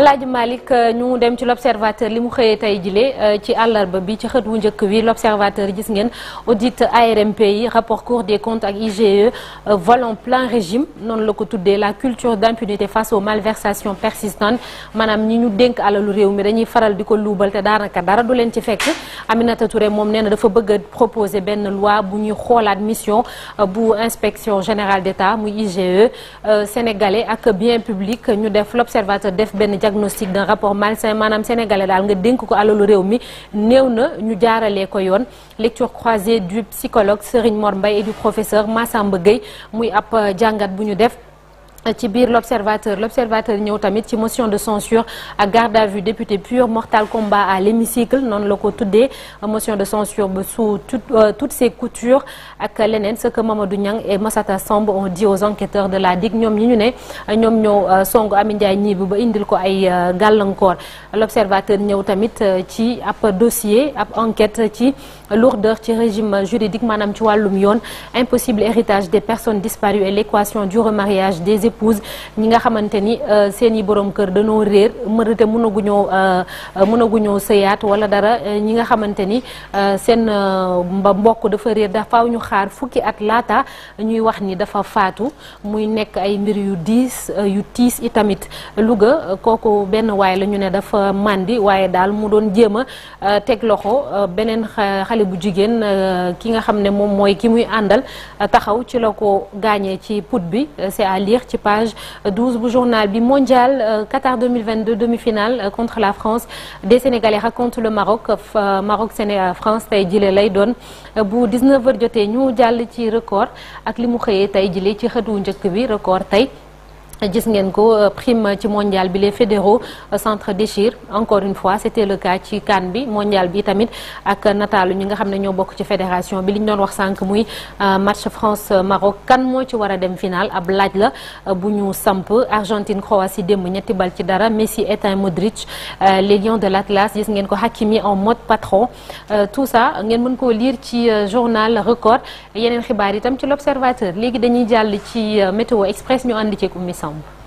Alaaji Malick euh, ñu dem ci l'observateur li mu xëyee tey jile euh, ci àllarba bi ci xët wu njëkk wi l'observateur gis ngeen audit ARMP yi rapport Cour des comptes ak IGE euh, vol en régime noonu la ko tuddee la culture d'impunité face aux malversations persistantes maanaam ñi ñu dénk alalu réew mi dañuy faral di ko luubal te daanaka dara du leen ci fekk Aminata ture moom nee na dafa bëgg a proposer benn loi bu ñuy xoolaat mission bu inspection générale d'État muy IGE sénégalais ak bien public ñu def l'observateur def benn diagnostic d'un rapport malsain maanaam sénégalais daal nga dénk ko alalu réew mi néew na ñu jaarale ko yoon lecture croisée du psychologue Serigne Mor Mbaye et du professeur Massamba Gueye muy ab jàngat bu ñu def ci biir l'observateur l'observateur ñëw tamit ci motion de censure ak garde à vue député pur mortal combat à l'hémicycle noonu la ko tuddee motion de censure ba sous euh, toutes ses coutures ak leneen ce que Mamadou Niang et Massata Samb ont dit aux enquêteurs de la DIC ñoom ñi ñu ne ñoom ñoo euh, song Ami Ndiaye ñiibi ba indil ko ay euh, gàllankoor l'observateur ñëw tamit ci ap dossier ab enquête ci lourdeur ci régime juridique maanaam ci wàllum yoon impossible héritage des personnes disparues et l'équation du remariage des épouse ñi nga xamante ni euh, seen i borom kër danoo réer mërite mënaguñoo euh, euh, mënaguñoo sëyaat wala dara ñi nga xamante ni seen mba mbokk dafa réer dafaaw ñu xaar fukki at laata ñuy wax ni dafa faatu muy nekk ay mbir yu diis yu tiis itamit Louga kooku benn waay la ñu ne dafa màndi waaye daal mu doon jéem a teg loxo beneen xale bu jigéen ki nga xam ne moom mooy ki muy àndal taxaw ci la ko gaañee ci put bi c'est à ci page 12 bu journal bi mondial euh, Qatar 2022 demi final contre la France de Sénégalais racontent le Maroc euh, euh, Maroc Sénégal France tey jile lay doon bu 19h jotee ñu jàll ci record ak li mu xëyee tey jile ci xëtu njëkk bi record tey. gis ngeen ko euh, prime ci mondial bi les fédéraux s'entre-déchirent euh, encore une fois c'était le cas ci CAN bi mondial bi tamit ak nataalu ñi nga xam ne ñoo bokk ci fédération bi li ñu doon wax sànq muy euh, match France Maroc kan moo ci war a dem final ab laaj la bu ñu samp Argentine Croatie démb ñetti bal ci dara Messi éteint Modric les lions de l'Atlas gis ngeen ko Hakimi en mode patron tout ça ngeen mën koo liir ci journal Record yeneen xibaar itam ci l'Observateur léegi dañuy jàll ci météo express ñu ànd ceeg Oumy Samb home.